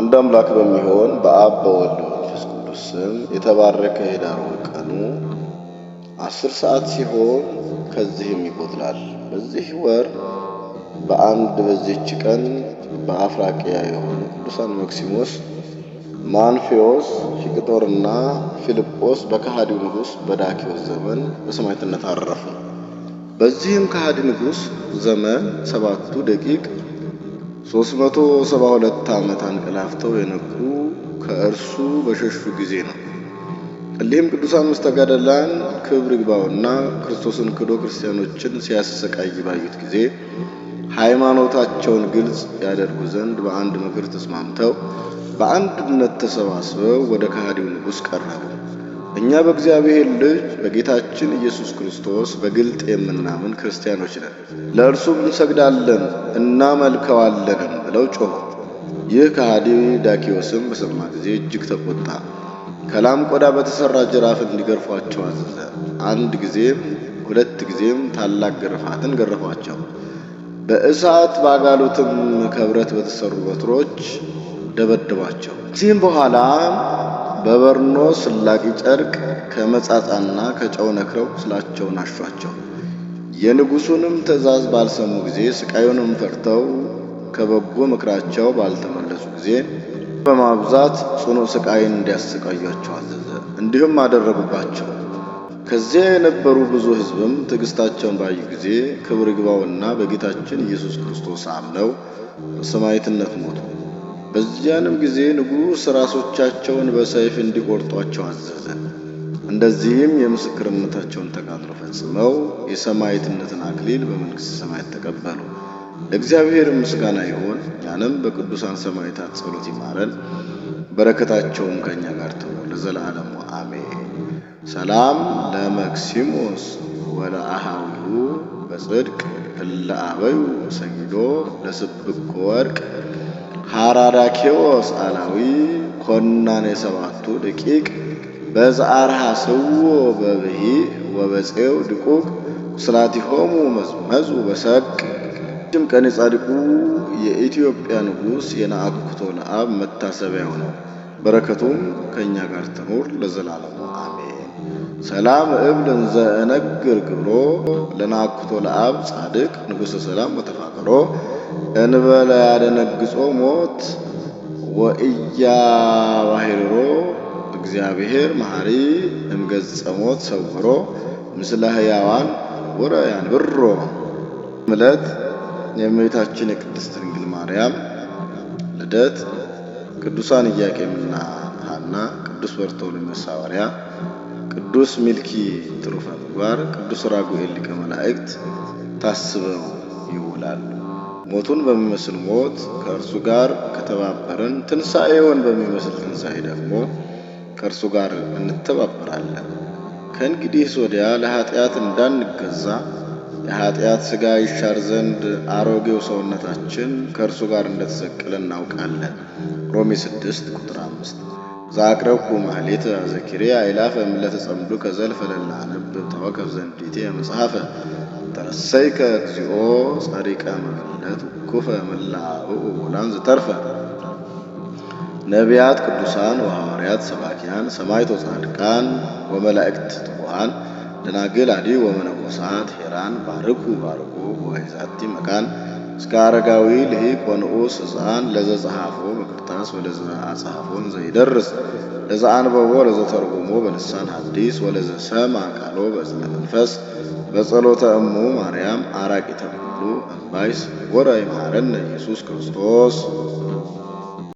አንድ አምላክ በሚሆን በአብ በወልድ በመንፈስ ቅዱስ ስም የተባረከ ኅዳር ወር ቀኑ አስር ሰዓት ሲሆን ከዚህም ይቆጥላል በዚህ ወር በአንድ በዚች ቀን በአፍራቅያ የሆኑ ቅዱሳን መክሲሞስ፣ ማንፌዎስ፣ ፊቅጦርና ፊልጶስ በከሃዲው ንጉሥ በዳኪዎስ ዘመን በሰማዕትነት አረፉ። በዚህም ከሃዲ ንጉሥ ዘመን ሰባቱ ደቂቅ 372 ዓመት አንቀላፍተው የነቁ ከእርሱ በሸሹ ጊዜ ነው። እሊህም ቅዱሳን መስተጋደላን ክብር ይግባውና ክርስቶስን ክዶ ክርስቲያኖችን ሲያሰቃይ ባዩት ጊዜ ሃይማኖታቸውን ግልጽ ያደርጉ ዘንድ በአንድ ምክር ተስማምተው በአንድነት ተሰባስበው ወደ ከሃዲው ንጉሥ ቀረቡ። እኛ በእግዚአብሔር ልጅ በጌታችን ኢየሱስ ክርስቶስ በግልጥ የምናምን ክርስቲያኖች ነን፣ ለእርሱም እንሰግዳለን እናመልከዋለንም ብለው ጮኹ። ይህ ከሃዲ ዳኪዎስም በሰማ ጊዜ እጅግ ተቆጣ። ከላም ቆዳ በተሠራ ጅራፍ እንዲገርፏቸው አዘዘ። አንድ ጊዜም ሁለት ጊዜም ታላቅ ግርፋትን ገረፏቸው። በእሳት በአጋሉትም ከብረት በተሠሩ በትሮች ደበደቧቸው። ከዚህም በኋላ በበርኖ ስላቂ ጨርቅ ከመጻጻና ከጨው ነክረው ቁስላቸውን አሿቸው። የንጉሱንም ትእዛዝ ባልሰሙ ጊዜ ስቃዩንም ፈርተው ከበጎ ምክራቸው ባልተመለሱ ጊዜ በማብዛት ጽኑ ስቃይን እንዲያሰቃያቸው አዘዘ። እንዲሁም አደረጉባቸው። ከዚያ የነበሩ ብዙ ሕዝብም ትዕግስታቸውን ባዩ ጊዜ ክብር ይግባውና በጌታችን ኢየሱስ ክርስቶስ አምነው በሰማዕትነት ሞቱ። በዚያንም ጊዜ ንጉሥ ራሶቻቸውን በሰይፍ እንዲቆርጧቸው አዘዘ። እንደዚህም የምስክርነታቸውን ተጋድሎ ፈጽመው የሰማዕትነትን አክሊል በመንግሥተ ሰማያት ተቀበሉ። ለእግዚአብሔር ምስጋና ይሁን። እኛንም በቅዱሳን ሰማዕታት ጸሎት ይማረን፣ በረከታቸውም ከእኛ ጋር ትኑር ለዘላለሙ አሜን። ሰላም ለመክሲሞስ ወለአሃዊሁ በጽድቅ እለ አበዩ ሰይዶ ለስብኮ ወርቅ ካራዳኬዎስ አላዊ ኮናኔ ሰባቱ ደቂቅ በዛአርሃ ስዎ በብሂ ወበፄው ድቁቅ ስላቲሆሙ መዝመዙ በሰቅ ጅም ቀን የጻድቁ የኢትዮጵያ ንጉሥ የነአኩቶ ነአብ መታሰቢያው ነው። በረከቱም ከእኛ ጋር ትኑር ለዘላለሙ አሜን። ሰላም እብልን ዘእነግር ግብሮ ለነአኩቶ ለአብ ጻድቅ ንጉሠ ሰላም ወተፋቅሮ እንበለ ያደነግጾ ሞት ወእያ ባሂሮ እግዚአብሔር መሐሪ እምገጸ ሞት ሰውሮ ምስለ ህያዋን ወረያን ብሮ ምለት የእመቤታችን የቅድስት ድንግል ማርያም ልደት ቅዱሳን ኢያቄምና ሐና፣ ቅዱስ በርተሎሜዎስ ሐዋርያ፣ ቅዱስ ሚልኪ ትሩፈ ምግባር፣ ቅዱስ ራጉኤል ሊቀ መላእክት ታስበው ይውላሉ። ሞቱን በሚመስል ሞት ከእርሱ ጋር ከተባበርን፣ ትንሣኤውን በሚመስል ትንሣኤ ደግሞ ከእርሱ ጋር እንተባበራለን። ከእንግዲህስ ወዲያ ለኃጢአት እንዳንገዛ የኃጢአት ሥጋ ይሻር ዘንድ አሮጌው ሰውነታችን ከእርሱ ጋር እንደተሰቀለ እናውቃለን። ሮሜ 6 ቁጥር 5 ዛቅረብኩ ማሌት ዘኪሬ አይላፈ ምለተጸምዱ ከዘልፈለላ ለላ ተወከፍ ዘንድ ቴ መጽሐፈ ተረሰይከ እግዚኦ ጸሪቀ መክነት ኩፈ ምላብኡ ውላን ዝተርፈ ነቢያት፣ ቅዱሳን ወሐዋርያት፣ ሰባኪያን፣ ሰማይቶ ጻድቃን ወመላእክት ትጉሃን ደናግል አዲ ወመነኮሳት ሄራን ባርኩ ባርኩ ወይዛቲ መካን እስከ አረጋዊ ልሂቅ ወንዑስ ሕፃን ለዘጸሐፎ በክርታስ ወለዘ አጽሐፎን ዘይደርስ ለዘ አንበቦ ለዘ ተርጉሞ በልሳን ሐዲስ ወለዘ አካሎ ቃሎ በእዝነ መንፈስ በጸሎተ እሙ ማርያም አራቂ ኩሉ እምባይስ ወራይ መሐረነ ኢየሱስ ክርስቶስ